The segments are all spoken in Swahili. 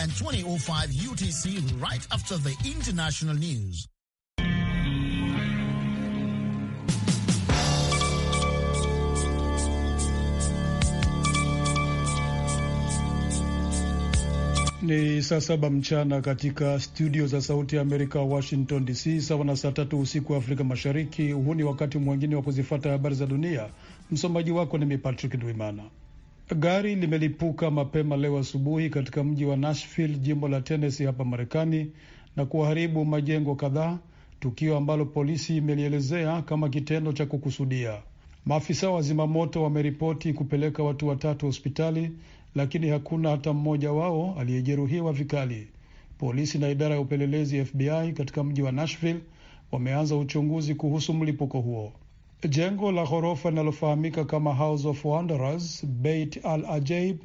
and 2005 UTC right after the international news. Ni saa saba mchana katika studio za Sauti ya Amerika, Washington DC, sawa na saa tatu usiku wa Afrika Mashariki. Huu ni wakati mwingine wa kuzifata habari za dunia. Msomaji wako ni mi Patrick Dwimana. Gari limelipuka mapema leo asubuhi katika mji wa Nashville, jimbo la Tennessee hapa Marekani na kuharibu majengo kadhaa, tukio ambalo polisi imelielezea kama kitendo cha kukusudia. Maafisa wa zimamoto wameripoti kupeleka watu watatu hospitali, lakini hakuna hata mmoja wao aliyejeruhiwa vikali. Polisi na idara ya upelelezi FBI katika mji wa Nashville wameanza uchunguzi kuhusu mlipuko huo. Jengo la ghorofa linalofahamika kama House of Wanderers, Beit Al Ajaib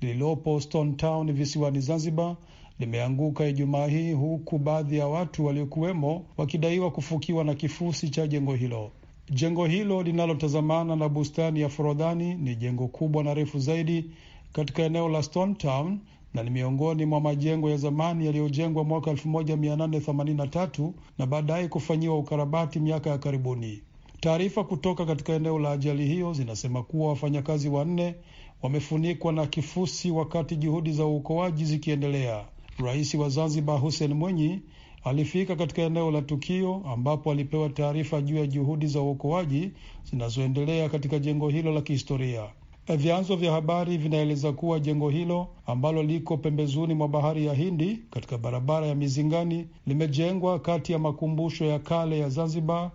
lililopo Stone Town visiwani Zanzibar limeanguka Ijumaa hii huku baadhi ya watu waliokuwemo wakidaiwa kufukiwa na kifusi cha jengo hilo. Jengo hilo linalotazamana na bustani ya Forodhani ni jengo kubwa na refu zaidi katika eneo la Stone Town na ni miongoni mwa majengo ya zamani yaliyojengwa mwaka 1883 na baadaye kufanyiwa ukarabati miaka ya karibuni. Taarifa kutoka katika eneo la ajali hiyo zinasema kuwa wafanyakazi wanne wamefunikwa na kifusi wakati juhudi za uokoaji zikiendelea. Rais wa Zanzibar Hussein Mwinyi alifika katika eneo la tukio ambapo alipewa taarifa juu ya juhudi za uokoaji zinazoendelea katika jengo hilo la kihistoria. Vyanzo vya habari vinaeleza kuwa jengo hilo ambalo liko pembezoni mwa bahari ya Hindi katika barabara ya Mizingani limejengwa kati ya makumbusho ya kale ya Zanzibar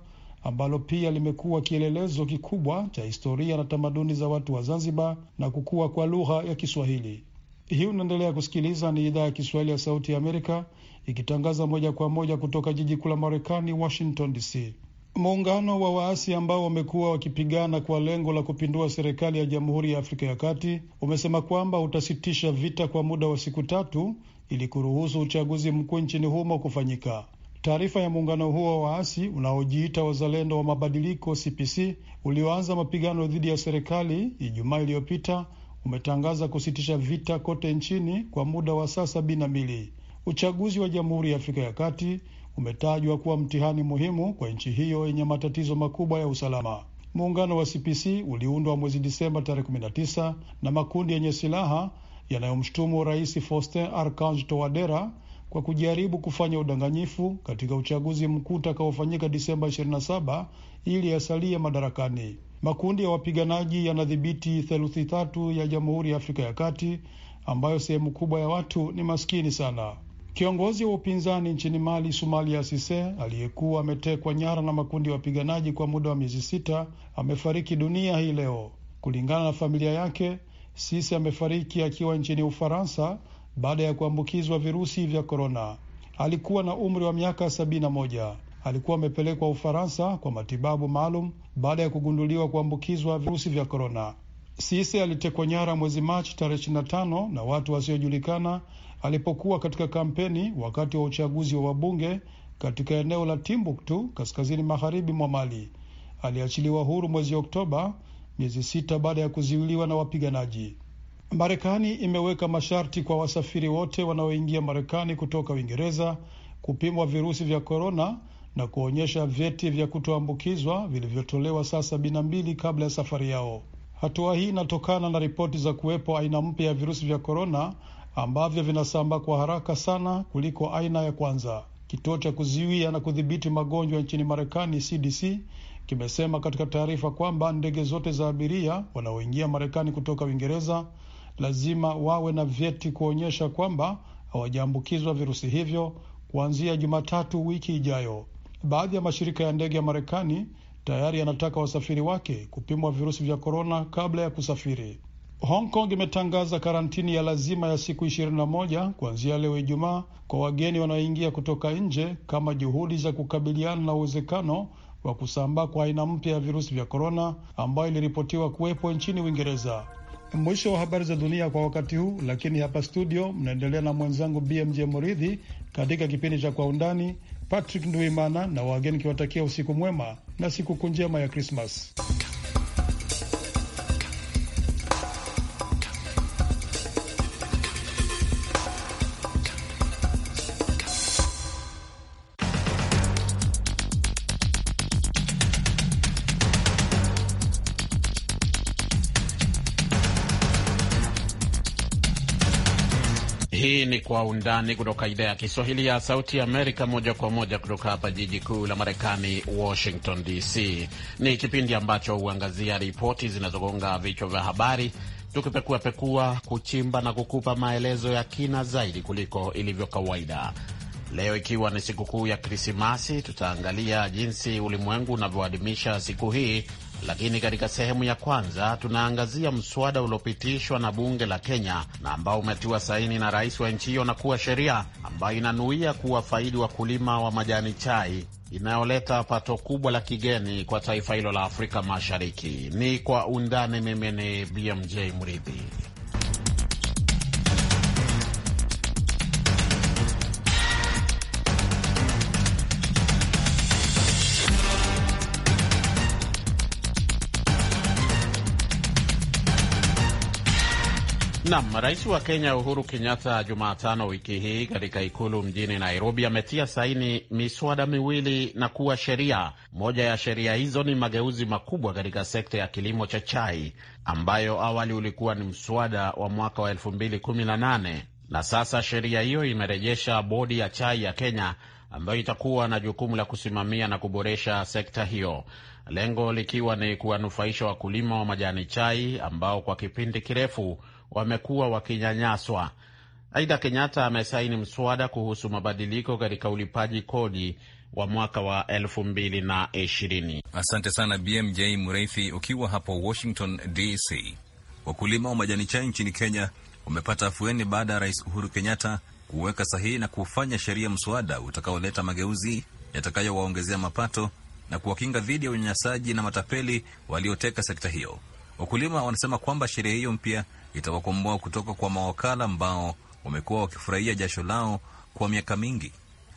ambalo pia limekuwa kielelezo kikubwa cha historia na tamaduni za watu wa Zanzibar na kukua kwa lugha ya Kiswahili. Hii unaendelea kusikiliza, ni idhaa ya Kiswahili ya Sauti ya Amerika ikitangaza moja kwa moja kutoka jiji kuu la Marekani, Washington DC. Muungano wa waasi ambao wamekuwa wakipigana kwa lengo la kupindua serikali ya Jamhuri ya Afrika ya Kati umesema kwamba utasitisha vita kwa muda wa siku tatu ili kuruhusu uchaguzi mkuu nchini humo kufanyika. Taarifa ya muungano huo wa waasi unaojiita wazalendo wa mabadiliko CPC ulioanza mapigano dhidi ya serikali Ijumaa iliyopita umetangaza kusitisha vita kote nchini kwa muda wa saa sabini na mbili. Uchaguzi wa Jamhuri ya Afrika ya Kati umetajwa kuwa mtihani muhimu kwa nchi hiyo yenye matatizo makubwa ya usalama. Muungano wa CPC uliundwa mwezi Disemba tarehe 19 na makundi yenye silaha yanayomshutumu Rais Faustin Archange Towadera kwa kujaribu kufanya udanganyifu katika uchaguzi mkuu utakaofanyika Disemba 27 ili yasalie madarakani. Makundi ya wapiganaji yanadhibiti theluthi tatu ya Jamhuri ya Afrika ya Kati ambayo sehemu kubwa ya watu ni maskini sana. Kiongozi wa upinzani nchini Mali, Sumalia Sise, aliyekuwa ametekwa nyara na makundi ya wapiganaji kwa muda wa miezi sita, amefariki dunia hii leo. Kulingana na familia yake, Sise amefariki akiwa nchini Ufaransa baada ya kuambukizwa virusi vya korona. Alikuwa na umri wa miaka moja. Alikuwa amepelekwa Ufaransa kwa matibabu maalum baada ya kugunduliwa kuambukizwa virusi vya korona. Sise alitekwa nyara mwezi Machi tarehe tano na watu wasiojulikana alipokuwa katika kampeni wakati wa uchaguzi wa wabunge katika eneo la Timbuktu kaskazini magharibi mwa Mali. Aliachiliwa huru mwezi Oktoba, miezi sita baada ya kuziwiliwa na wapiganaji. Marekani imeweka masharti kwa wasafiri wote wanaoingia Marekani kutoka Uingereza kupimwa virusi vya korona na kuonyesha vyeti vya kutoambukizwa vilivyotolewa saa sabini na mbili kabla ya safari yao. Hatua hii inatokana na ripoti za kuwepo aina mpya ya virusi vya korona ambavyo vinasambaa kwa haraka sana kuliko aina ya kwanza. Kituo cha kuzuia na kudhibiti magonjwa nchini Marekani, CDC, kimesema katika taarifa kwamba ndege zote za abiria wanaoingia Marekani kutoka Uingereza lazima wawe na vyeti kuonyesha kwamba hawajaambukizwa virusi hivyo kuanzia Jumatatu wiki ijayo. Baadhi ya mashirika ya ndege ya Marekani tayari yanataka wasafiri wake kupimwa virusi vya korona kabla ya kusafiri. Hong Kong imetangaza karantini ya lazima ya siku 21 kuanzia leo Ijumaa kwa wageni wanaoingia kutoka nje kama juhudi za kukabiliana na uwezekano wa kusambaa kwa aina mpya ya virusi vya korona ambayo iliripotiwa kuwepo nchini Uingereza. Mwisho wa habari za dunia kwa wakati huu, lakini hapa studio mnaendelea na mwenzangu BMJ Muridhi katika kipindi cha Kwa Undani. Patrick Nduimana na wageni kiwatakia usiku mwema na sikukuu njema ya Krismas. Kwa Undani kutoka idhaa ya Kiswahili ya Sauti Amerika, moja kwa moja kutoka hapa jiji kuu la Marekani, Washington DC. Ni kipindi ambacho huangazia ripoti zinazogonga vichwa vya habari, tukipekuapekua, kuchimba na kukupa maelezo ya kina zaidi kuliko ilivyo kawaida. Leo ikiwa ni sikukuu ya Krismasi, tutaangalia jinsi ulimwengu unavyoadhimisha siku hii, lakini katika sehemu ya kwanza tunaangazia mswada uliopitishwa na bunge la Kenya na ambao umetiwa saini na rais wa nchi hiyo na kuwa sheria ambayo inanuia kuwafaidi wakulima wa majani chai inayoleta pato kubwa la kigeni kwa taifa hilo la Afrika Mashariki. Ni kwa undani. Mimi ni BMJ Mridhi. Nam, rais wa Kenya Uhuru Kenyatta Jumatano wiki hii katika ikulu mjini Nairobi ametia saini miswada miwili na kuwa sheria. Moja ya sheria hizo ni mageuzi makubwa katika sekta ya kilimo cha chai ambayo awali ulikuwa ni mswada wa mwaka wa 2018 na sasa sheria hiyo imerejesha bodi ya chai ya Kenya ambayo itakuwa na jukumu la kusimamia na kuboresha sekta hiyo, lengo likiwa ni kuwanufaisha wakulima wa majani chai ambao kwa kipindi kirefu wamekuwa wakinyanyaswa. Aidha, Kenyatta amesaini mswada kuhusu mabadiliko katika ulipaji kodi wa mwaka wa elfu mbili na ishirini. Asante sana BMJ Mreithi ukiwa hapo Washington DC. Wakulima wa majani chai nchini Kenya wamepata afueni baada ya Rais Uhuru Kenyatta kuweka sahihi na kufanya sheria mswada utakaoleta mageuzi yatakayowaongezea mapato na kuwakinga dhidi ya unyanyasaji na matapeli walioteka sekta hiyo. Wakulima wanasema kwamba sheria hiyo mpya itawakomboa kutoka kwa mawakala ambao wamekuwa wakifurahia jasho lao kwa miaka mingi.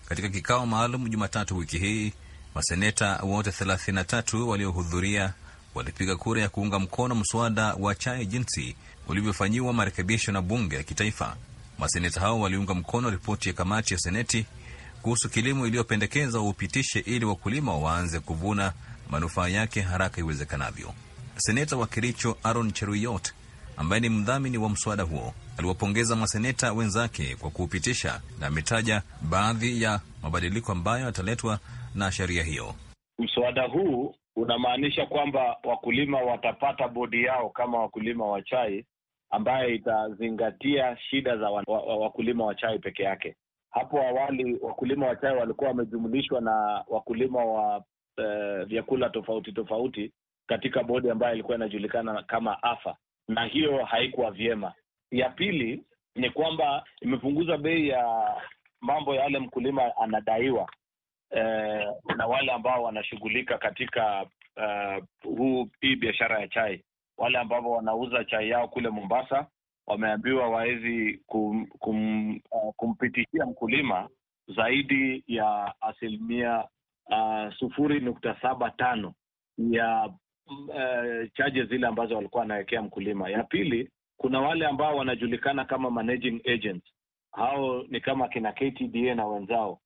Katika kikao maalum Jumatatu wiki hii, maseneta wote 33 waliohudhuria walipiga kura ya kuunga mkono mswada wa chai jinsi ulivyofanyiwa marekebisho na bunge la kitaifa. Maseneta hao waliunga mkono ripoti ya kamati ya Seneti kuhusu kilimo iliyopendekeza upitishe ili wakulima waanze kuvuna manufaa yake haraka iwezekanavyo. Seneta wa Kericho Aaron Cheruiyot ambaye ni mdhamini wa mswada huo aliwapongeza maseneta wenzake kwa kuupitisha na ametaja baadhi ya mabadiliko ambayo yataletwa na sheria hiyo. Mswada huu unamaanisha kwamba wakulima watapata bodi yao kama wakulima wa chai, ambayo itazingatia shida za wakulima wa chai peke yake. Hapo awali wakulima wa chai walikuwa wamejumulishwa na wakulima wa uh, vyakula tofauti tofauti katika bodi ambayo ilikuwa inajulikana kama AFA, na hiyo haikuwa vyema. Ya pili ni kwamba imepunguza bei ya mambo yale mkulima anadaiwa eh, na wale ambao wanashughulika katika uh, huu hii biashara ya chai wale ambao wanauza chai yao kule Mombasa wameambiwa wawezi kum, kum, uh, kumpitishia mkulima zaidi ya asilimia uh, sufuri nukta saba tano ya uh, chaje zile ambazo walikuwa wanawekea mkulima. Ya pili, kuna wale ambao wanajulikana kama managing agents. Hao ni kama kina KTDA na wenzao,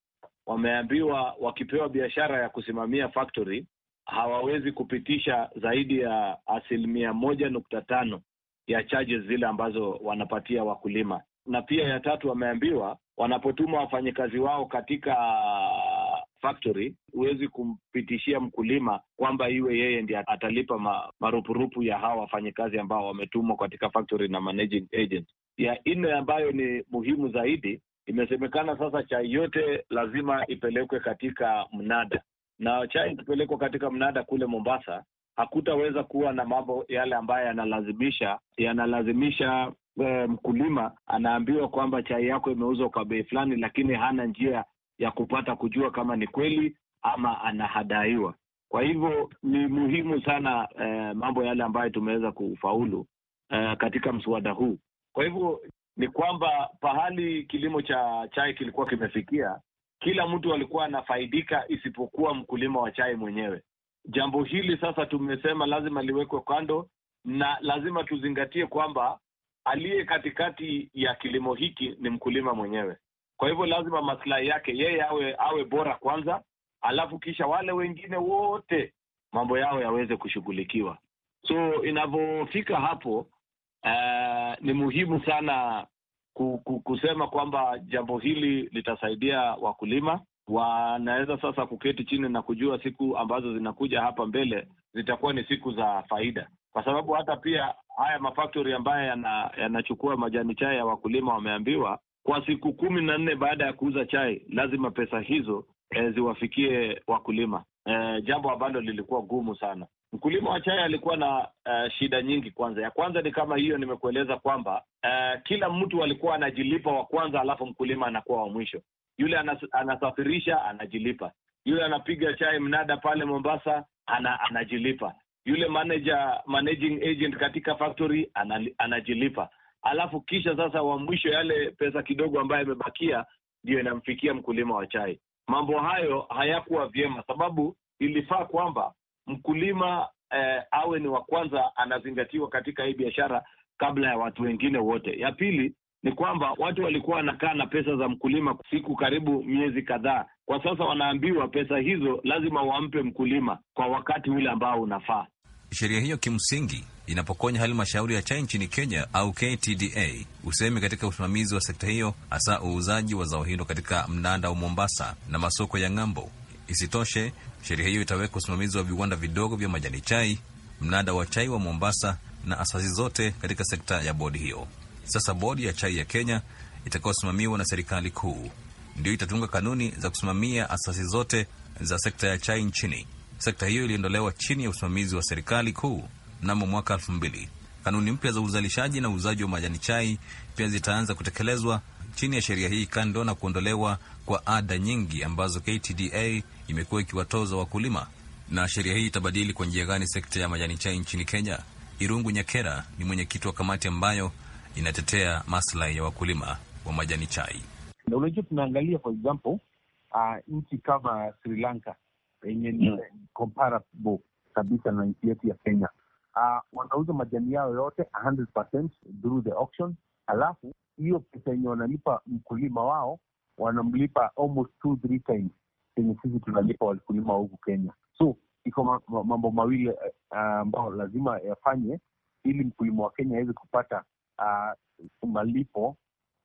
wameambiwa wakipewa biashara ya kusimamia factory hawawezi kupitisha zaidi ya asilimia moja nukta tano ya charges zile ambazo wanapatia wakulima, na pia ya tatu, wameambiwa wanapotuma wafanyakazi wao katika ah, factory huwezi kumpitishia mkulima kwamba iwe yeye ndiye atalipa ma, marupurupu ya hawa wafanyakazi ambao wametumwa katika factory na managing agent. Ya nne ambayo ni muhimu zaidi, imesemekana sasa chai yote lazima ipelekwe katika mnada, na chai ikipelekwa katika mnada kule Mombasa hakutaweza kuwa na mambo yale ambayo yanalazimisha yanalazimisha eh, mkulima anaambiwa kwamba chai yako imeuzwa kwa bei fulani, lakini hana njia ya kupata kujua kama ni kweli ama anahadaiwa. Kwa hivyo ni muhimu sana eh, mambo yale ambayo tumeweza kufaulu eh, katika mswada huu. Kwa hivyo ni kwamba pahali kilimo cha chai kilikuwa kimefikia kila mtu alikuwa anafaidika isipokuwa mkulima wa chai mwenyewe. Jambo hili sasa tumesema lazima liwekwe kando na lazima tuzingatie kwamba aliye katikati ya kilimo hiki ni mkulima mwenyewe. Kwa hivyo lazima maslahi yake yeye awe awe bora kwanza, alafu kisha wale wengine wote mambo yao yaweze kushughulikiwa. So inavyofika hapo, uh, ni muhimu sana kusema kwamba jambo hili litasaidia wakulima. Wanaweza sasa kuketi chini na kujua siku ambazo zinakuja hapa mbele zitakuwa ni siku za faida, kwa sababu hata pia haya mafaktori ambayo yanachukua yana majani chai ya wakulima wameambiwa kwa siku kumi na nne baada ya kuuza chai lazima pesa hizo e, ziwafikie wakulima e, jambo ambalo lilikuwa gumu sana. Mkulima wa chai alikuwa na uh, shida nyingi. Kwanza ya kwanza ni kama hiyo nimekueleza kwamba uh, kila mtu alikuwa anajilipa wa kwanza, alafu mkulima anakuwa wa mwisho. Yule anas, anasafirisha anajilipa, yule anapiga chai mnada pale Mombasa ana, anajilipa, yule manager, managing agent katika factory anajilipa, alafu kisha sasa wa mwisho, yale pesa kidogo ambayo imebakia ndiyo inamfikia mkulima wa chai. Mambo hayo hayakuwa vyema, sababu ilifaa kwamba mkulima eh, awe ni wa kwanza anazingatiwa katika hii biashara kabla ya watu wengine wote. Ya pili ni kwamba watu walikuwa wanakaa na pesa za mkulima siku karibu miezi kadhaa. Kwa sasa wanaambiwa pesa hizo lazima wampe mkulima kwa wakati ule ambao unafaa. Sheria hiyo kimsingi inapokonya halmashauri ya chai nchini Kenya au KTDA usemi katika usimamizi wa sekta hiyo, hasa uuzaji wa zao hilo katika mnanda wa Mombasa na masoko ya ng'ambo. Isitoshe, sheria hiyo itaweka usimamizi wa viwanda vidogo vya majani chai, mnada wa chai wa Mombasa na asasi zote katika sekta ya bodi hiyo. Sasa bodi ya chai ya Kenya itakayosimamiwa na serikali kuu ndio itatunga kanuni za kusimamia asasi zote za sekta ya chai nchini. Sekta hiyo iliondolewa chini ya usimamizi wa serikali kuu mnamo mwaka elfu mbili. Kanuni mpya za uzalishaji na uuzaji wa majani chai pia zitaanza kutekelezwa chini ya sheria hii, kando na kuondolewa kwa ada nyingi ambazo KTDA imekuwa ikiwatoza wakulima. Na sheria hii itabadili kwa njia gani sekta ya majani chai nchini Kenya? Irungu Nyakera ni mwenyekiti wa kamati ambayo inatetea maslahi ya wakulima wa majani chai. Na unajua tunaangalia for example uh, nchi kama Sri Lanka yenye ni mm. comparable kabisa na nchi yetu ya Kenya. Uh, wanauza majani yao yote 100% through the auction, alafu hiyo pesa yenye wanalipa mkulima wao wanamlipa almost two three times yenye sisi tunalipa wakulima huku Kenya. So iko mambo mawili eh, ambayo uh, lazima yafanye ili mkulima wa Kenya aweze kupata uh, malipo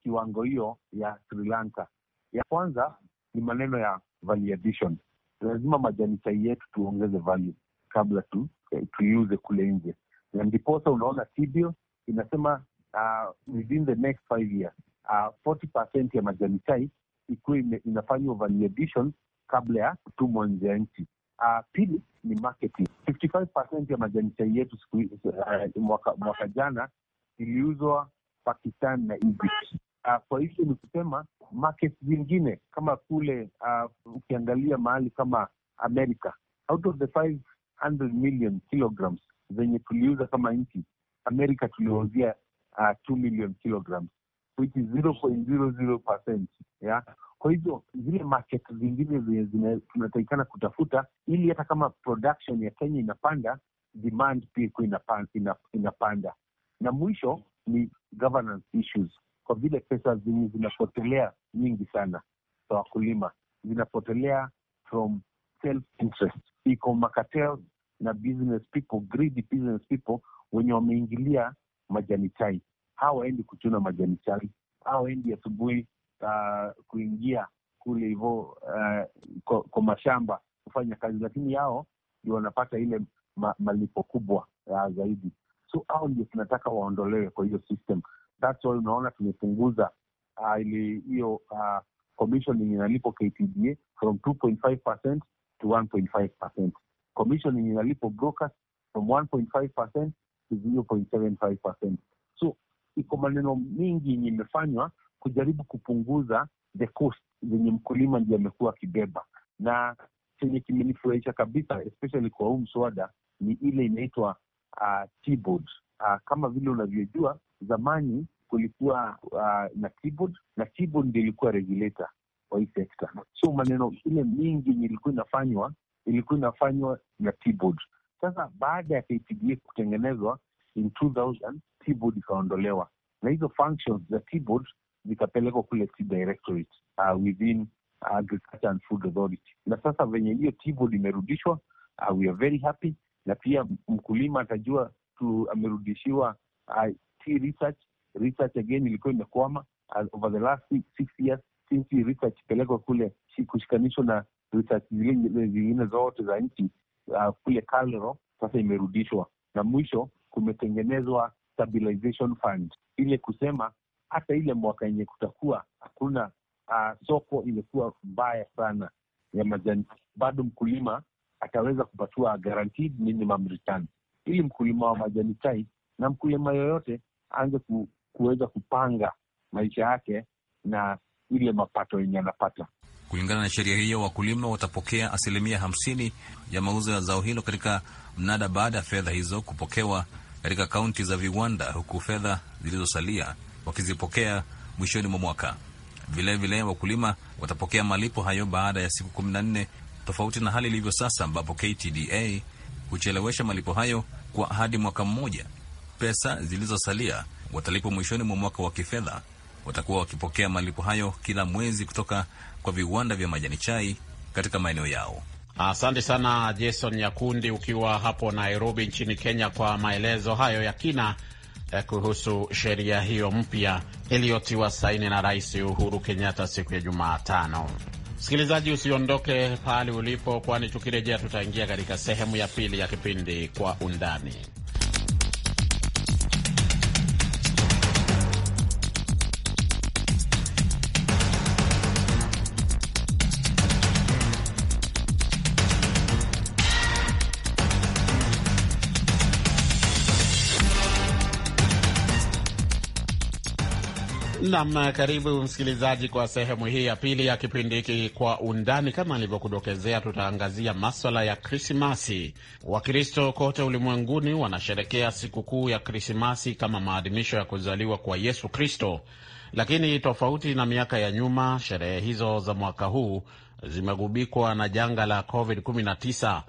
kiwango hiyo ya Sri Lanka. Ya kwanza ni maneno ya value addition. Lazima majani chai yetu tuongeze value kabla tu eh, tuiuze kule nje, na ndiposa unaona TBIL inasema uh, within the next five years uh, ah, 40% ya majani chai ikiwa inafanywa value addition kabla ya kutumwa nje ya nchi. Uh, pili ni marketing. 55% ya majani chai yetu siku, uh, mwaka, mwaka jana iliuzwa Pakistan na Egypt. Uh, kwa hivyo ni kusema market zingine kama kule uh, ukiangalia mahali kama America, out of the 500 million kilograms zenye tuliuza kama nchi, America tuliwauzia uh, 2 million kilograms which is 0.00%, yeah kwa hivyo zile market zingine zenye kutafuta, ili hata kama production ya Kenya inapanda, demand pia ikuwa inapanda. Na mwisho ni governance issues, kwa vile pesa zenye zinapotelea nyingi sana za wakulima zinapotelea from self interest, iko makatel na business people, greedy business people wenye wameingilia majani chai. Hawaendi kuchuna majani chai, hawaendi asubuhi uh, kuingia kule hivo uh, kwa, kwa mashamba kufanya kazi, lakini yao ndio wanapata ile ma, malipo kubwa uh, zaidi. So hao ndio tunataka waondolewe kwa hiyo system. That's why unaona tumepunguza uh, ili hiyo uh, commission inalipo KTDA from 2.5% to 1.5%. Commission inalipo brokers from 1.5% to 0.75%. So iko maneno mingi yenye imefanywa kujaribu kupunguza the cost zenye mkulima ndio amekuwa akibeba, na chenye kimenifurahisha kabisa especially kwa huu mswada ni ile inaitwa uh, T-board. Uh, kama vile unavyojua zamani kulikuwa uh, na T-board, na T-board ndio ilikuwa regulator wa hii sekta, so maneno ile mingi yenye ilikuwa inafanywa ilikuwa inafanywa na T-board. Sasa baada ya KPDA kutengenezwa in 2000 T-board ikaondolewa na hizo functions za T-board zikapelekwa kule Tea Directorate, uh, within uh, Agriculture and Food Authority. Na sasa venye hiyo TVOD limerudishwa uh, we are very happy, na pia mkulima atajua tu amerudishiwa uh, tea research. Research again ilikuwa imekwama uh, over the last six, six years since research pelekwa kule kushikanishwa na research zingine zote za nchi uh, kule Calro, sasa imerudishwa na mwisho kumetengenezwa stabilization fund ile kusema hata ile mwaka yenye kutakuwa hakuna uh, soko imekuwa mbaya sana ya majani, bado mkulima ataweza kupatiwa guaranteed minimum return, ili mkulima wa majani chai na mkulima yoyote aanze ku, kuweza kupanga maisha yake na ile mapato yenye anapata. Kulingana na sheria hiyo, wakulima watapokea asilimia hamsini ya mauzo ya zao hilo katika mnada baada ya fedha hizo kupokewa katika kaunti za viwanda, huku fedha zilizosalia wakizipokea mwishoni mwa mwaka. Vilevile wakulima watapokea malipo hayo baada ya siku kumi na nne tofauti na hali ilivyo sasa ambapo KTDA huchelewesha malipo hayo kwa hadi mwaka mmoja. Pesa zilizosalia watalipwa mwishoni mwa mwaka wa kifedha. Watakuwa wakipokea malipo hayo kila mwezi kutoka kwa viwanda vya majani chai katika maeneo yao. Asante sana Jason Nyakundi, ukiwa hapo Nairobi nchini Kenya, kwa maelezo hayo ya kina eh, kuhusu sheria hiyo mpya iliyotiwa saini na Rais Uhuru Kenyatta siku ya Jumatano. Msikilizaji, usiondoke pahali ulipo, kwani tukirejea tutaingia katika sehemu ya pili ya kipindi Kwa Undani. Nam, karibu msikilizaji kwa sehemu hii ya pili ya kipindi hiki kwa undani. Kama alivyokudokezea, tutaangazia maswala ya Krismasi. Wakristo kote ulimwenguni wanasherekea sikukuu ya Krismasi kama maadhimisho ya kuzaliwa kwa Yesu Kristo, lakini tofauti na miaka ya nyuma, sherehe hizo za mwaka huu zimegubikwa na janga la COVID-19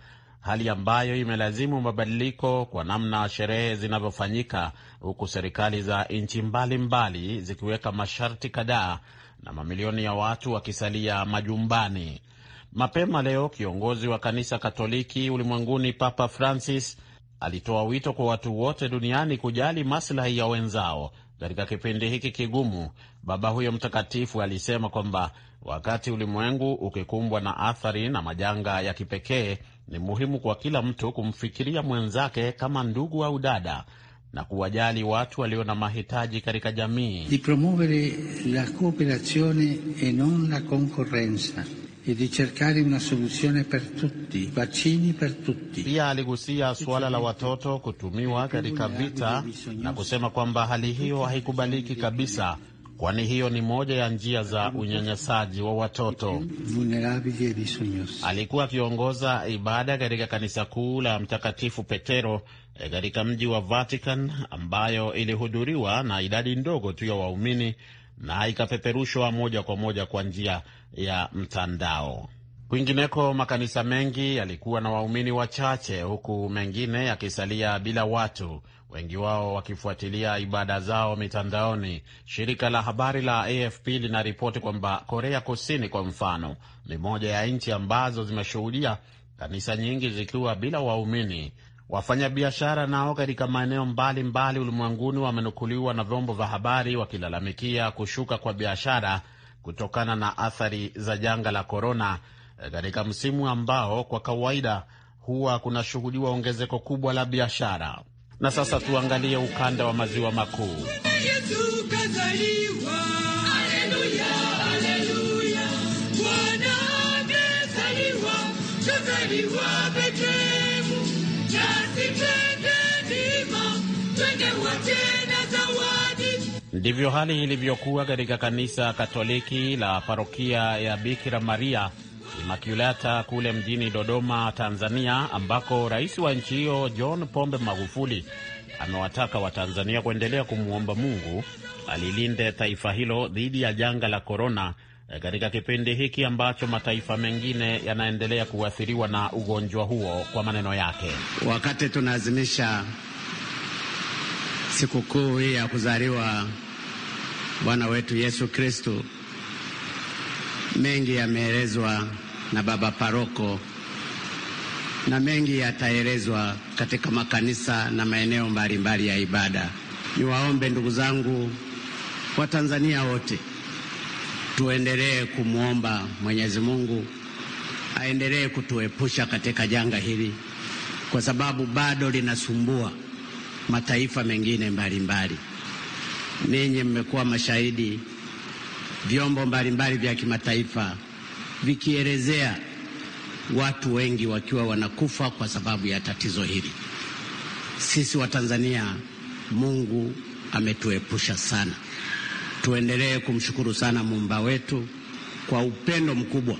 hali ambayo imelazimu mabadiliko kwa namna sherehe zinavyofanyika, huku serikali za nchi mbalimbali zikiweka masharti kadhaa na mamilioni ya watu wakisalia majumbani. Mapema leo kiongozi wa kanisa Katoliki ulimwenguni Papa Francis alitoa wito kwa watu wote duniani kujali maslahi ya wenzao katika kipindi hiki kigumu. Baba huyo mtakatifu alisema kwamba wakati ulimwengu ukikumbwa na athari na majanga ya kipekee ni muhimu kwa kila mtu kumfikiria mwenzake kama ndugu au dada na kuwajali watu walio na mahitaji katika jamii. Di promuovere la cooperazione e non la concorrenza e di cercare una soluzione per tutti, vaccini per tutti. Pia aligusia suala la watoto kutumiwa katika vita na kusema kwamba hali hiyo haikubaliki kabisa kwani hiyo ni moja ya njia za unyanyasaji wa watoto. Alikuwa akiongoza ibada katika kanisa kuu la Mtakatifu Petero eh, katika mji wa Vatican, ambayo ilihudhuriwa na idadi ndogo tu ya waumini na ikapeperushwa moja kwa moja kwa njia ya mtandao. Kwingineko, makanisa mengi yalikuwa na waumini wachache, huku mengine yakisalia bila watu wengi wao wakifuatilia ibada zao mitandaoni. Shirika la habari la AFP linaripoti kwamba Korea Kusini, kwa mfano, ni moja ya nchi ambazo zimeshuhudia kanisa nyingi zikiwa bila waumini. Wafanyabiashara nao katika maeneo mbalimbali ulimwenguni wamenukuliwa na vyombo vya habari wakilalamikia kushuka kwa biashara kutokana na athari za janga la korona eh, katika msimu ambao kwa kawaida huwa kunashuhudiwa ongezeko kubwa la biashara. Na sasa tuangalie ukanda wa maziwa makuu. Ndivyo hali ilivyokuwa katika kanisa Katoliki la parokia ya Bikira Maria imakulata kule mjini Dodoma, Tanzania, ambako rais wa nchi hiyo John Pombe Magufuli amewataka Watanzania kuendelea kumwomba Mungu alilinde taifa hilo dhidi ya janga la korona e, katika kipindi hiki ambacho mataifa mengine yanaendelea kuathiriwa na ugonjwa huo. Kwa maneno yake, wakati tunaazimisha sikukuu hii ya kuzaliwa Bwana wetu Yesu Kristo Mengi yameelezwa na baba paroko na mengi yataelezwa katika makanisa na maeneo mbalimbali mbali ya ibada. Niwaombe ndugu zangu Watanzania wote tuendelee kumwomba Mwenyezi Mungu aendelee kutuepusha katika janga hili, kwa sababu bado linasumbua mataifa mengine mbalimbali. Ninyi mmekuwa mashahidi vyombo mbalimbali vya kimataifa vikielezea watu wengi wakiwa wanakufa kwa sababu ya tatizo hili. Sisi Watanzania, Mungu ametuepusha sana. Tuendelee kumshukuru sana muumba wetu kwa upendo mkubwa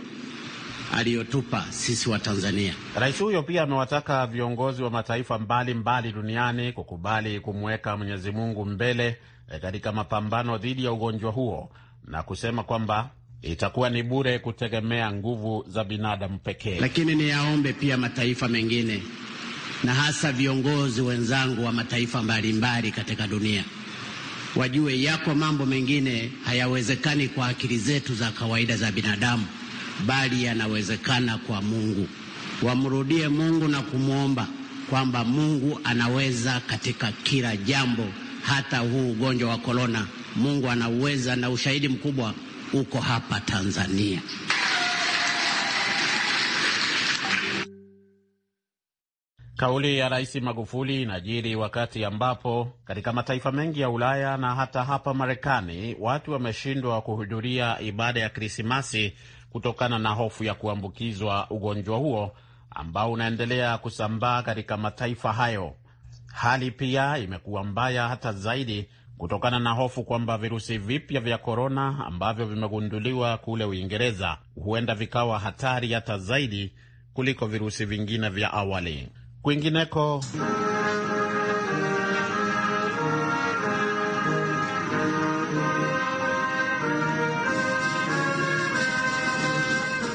aliyotupa sisi wa Tanzania. Rais huyo pia amewataka viongozi wa mataifa mbalimbali mbali duniani kukubali kumweka Mwenyezi Mungu mbele eh, katika mapambano dhidi ya ugonjwa huo na kusema kwamba itakuwa ni bure kutegemea nguvu za binadamu pekee. Lakini niyaombe pia mataifa mengine na hasa viongozi wenzangu wa mataifa mbalimbali katika dunia wajue yako mambo mengine hayawezekani kwa akili zetu za kawaida za binadamu, bali yanawezekana kwa Mungu. Wamrudie Mungu na kumwomba kwamba Mungu anaweza katika kila jambo, hata huu ugonjwa wa korona Mungu anauweza na ushahidi mkubwa uko hapa Tanzania. Kauli ya Rais Magufuli inajiri wakati ambapo katika mataifa mengi ya Ulaya na hata hapa Marekani watu wameshindwa kuhudhuria ibada ya Krismasi kutokana na hofu ya kuambukizwa ugonjwa huo ambao unaendelea kusambaa katika mataifa hayo. Hali pia imekuwa mbaya hata zaidi kutokana na hofu kwamba virusi vipya vya korona ambavyo vimegunduliwa kule Uingereza huenda vikawa hatari hata zaidi kuliko virusi vingine vya awali. Kwingineko,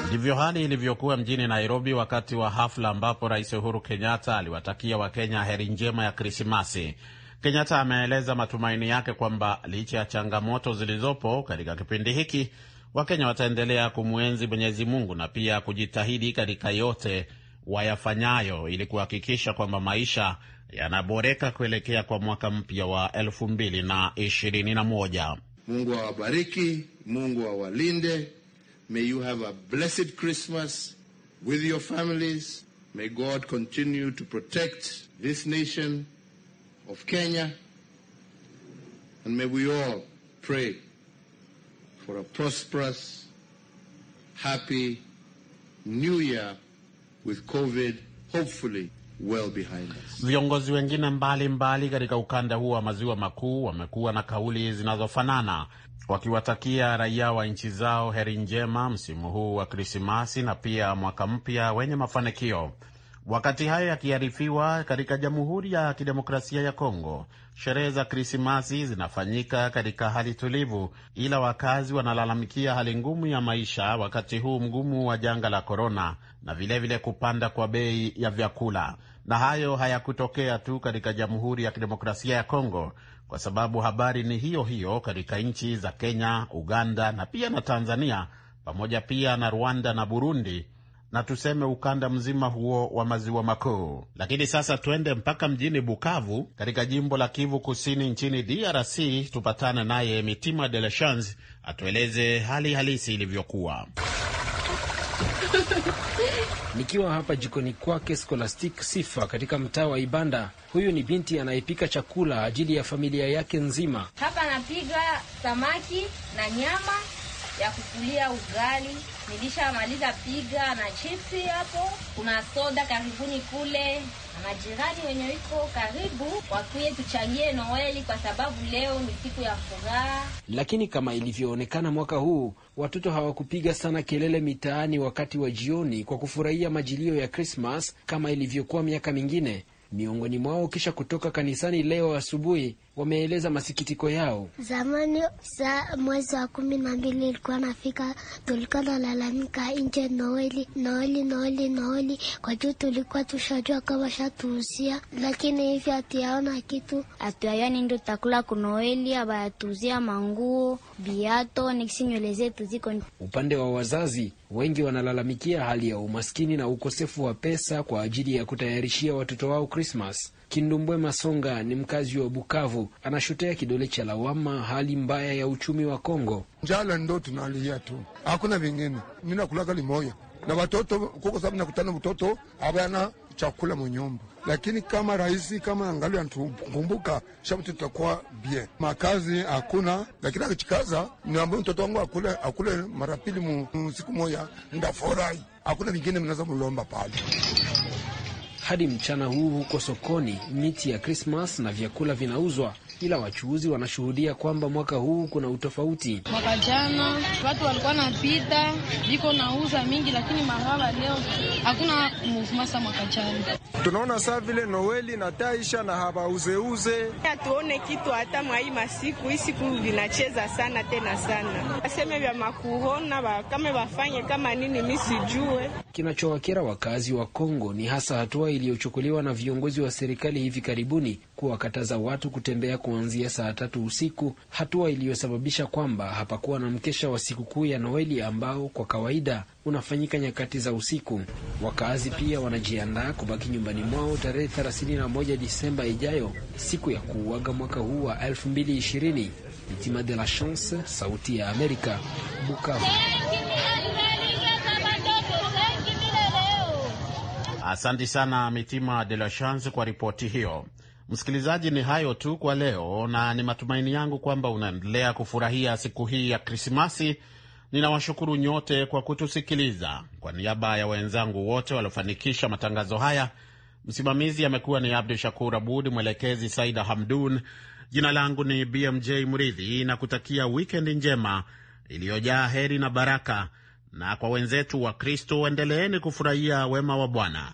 ndivyo hali ilivyokuwa mjini Nairobi wakati wa hafla ambapo Rais Uhuru Kenyatta aliwatakia Wakenya heri njema ya Krismasi. Kenyatta ameeleza matumaini yake kwamba licha ya changamoto zilizopo katika kipindi hiki, Wakenya wataendelea kumwenzi Mwenyezi Mungu na pia kujitahidi katika yote wayafanyayo ili kuhakikisha kwamba maisha yanaboreka kuelekea kwa mwaka mpya wa elfu mbili na ishirini na moja. Mungu awabariki, Mungu awalinde. May you have a blessed Christmas with your families. May God continue to protect this nation of Kenya, and may we all pray for a prosperous, happy new year with COVID hopefully well behind us. Viongozi wengine mbalimbali katika ukanda huu wa maziwa makuu wamekuwa na kauli zinazofanana wakiwatakia raia wa nchi zao heri njema msimu huu wa Krismasi na pia mwaka mpya wenye mafanikio. Wakati hayo yakiarifiwa, katika Jamhuri ya Kidemokrasia ya Kongo, sherehe za Krismasi zinafanyika katika hali tulivu, ila wakazi wanalalamikia hali ngumu ya maisha wakati huu mgumu wa janga la korona na vilevile vile kupanda kwa bei ya vyakula. Na hayo hayakutokea tu katika Jamhuri ya Kidemokrasia ya Kongo, kwa sababu habari ni hiyo hiyo katika nchi za Kenya, Uganda na pia na Tanzania, pamoja pia na Rwanda na Burundi na tuseme ukanda mzima huo wa maziwa makuu. Lakini sasa twende mpaka mjini Bukavu katika jimbo la Kivu Kusini nchini DRC, tupatane naye Mitima de la Chance atueleze hali halisi ilivyokuwa. Nikiwa hapa jikoni kwake Scholastic Sifa katika mtaa wa Ibanda. Huyu ni binti anayepika chakula ajili ya familia yake nzima. Hapa anapiga samaki na nyama ya kukulia ugali Nilishamaliza piga na chipsi hapo, kuna soda karibuni kule na majirani wenye iko karibu wakuye tuchangie Noeli kwa sababu leo ni siku ya furaha. Lakini kama ilivyoonekana mwaka huu, watoto hawakupiga sana kelele mitaani wakati wa jioni kwa kufurahia majilio ya Krismas kama ilivyokuwa miaka mingine. Miongoni mwao kisha kutoka kanisani leo asubuhi wameeleza masikitiko yao. Zamani za mwezi wa kumi na mbili ilikuwa nafika, tulikuwa nalalamika nje, noeli noeli noeli noeli, kwa juu tulikuwa tushajua kama shatuuzia, lakini hivyo hatuyaona kitu, hatuyayani ndo takula kunoeli, abayatuuzia manguo, viato niksi, nywele zetu ziko. Upande wa wazazi wengi wanalalamikia hali ya umaskini na ukosefu wa pesa kwa ajili ya kutayarishia watoto wao Krismas. Kindumbwe Masonga ni mkazi wa Bukavu, anashutea kidole cha lawama hali mbaya ya uchumi wa Kongo. Njala ndo tunalia tu, hakuna vingine. Mi nakulaka limoya na watoto kuko sababu nakutana mtoto abana chakula munyumba, lakini kama rahisi kama angali anatukumbuka shabuti tutakuwa bie Makazi hakuna, lakini akijikaza niambie mtoto wangu akule akule mara pili mu siku moya, ndafurahi. Hakuna vingine mnaweza mulomba pale. Hadi mchana huu huko sokoni miti ya Krismas na vyakula vinauzwa, ila wachuuzi wanashuhudia kwamba mwaka huu kuna utofauti. Mwaka jana watu walikuwa napita viko nauza mingi, lakini mahala leo hakuna muvuma sa mwaka jana. Tunaona saa vile Noeli na taisha na habauzeuze, hatuone kitu hata mwai masiku hii siku vinacheza sana tena sana, aseme vya makuhona kama wafanye kama nini, mi sijue. Kinachowakera wakazi wa Kongo ni hasa hatua iliyochukuliwa na viongozi wa serikali hivi karibuni kuwakataza watu kutembea kuanzia saa tatu usiku, hatua iliyosababisha kwamba hapakuwa na mkesha wa sikukuu ya Noeli ambao kwa kawaida unafanyika nyakati za usiku. Wakaazi pia wanajiandaa kubaki nyumbani mwao tarehe 31 Disemba ijayo, siku ya kuuaga mwaka huu wa 2020. Mitima de la Chance, Sauti ya Amerika, Bukavu. Asante sana Mitima de la Chance kwa ripoti hiyo. Msikilizaji, ni hayo tu kwa leo, na ni matumaini yangu kwamba unaendelea kufurahia siku hii ya Krismasi Ninawashukuru nyote kwa kutusikiliza. Kwa niaba ya wenzangu wote waliofanikisha matangazo haya, msimamizi amekuwa ni Abdu Shakur Abud, mwelekezi Saida Hamdun. Jina langu ni BMJ Mridhi na kutakia wikendi njema iliyojaa heri na baraka, na kwa wenzetu wa Kristo, endeleeni kufurahia wema wa Bwana.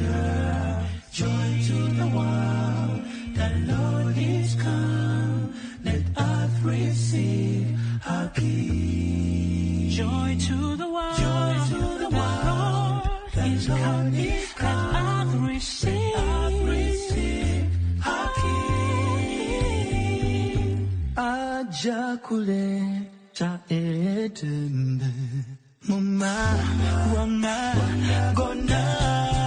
rapture, joy to the world. The Lord is come. Let earth receive a King. Joy to the world. Joy to the world. The Lord is Lord come. Is come. Let earth receive. Let earth receive her cha edembe. Mama, wanga, gonna.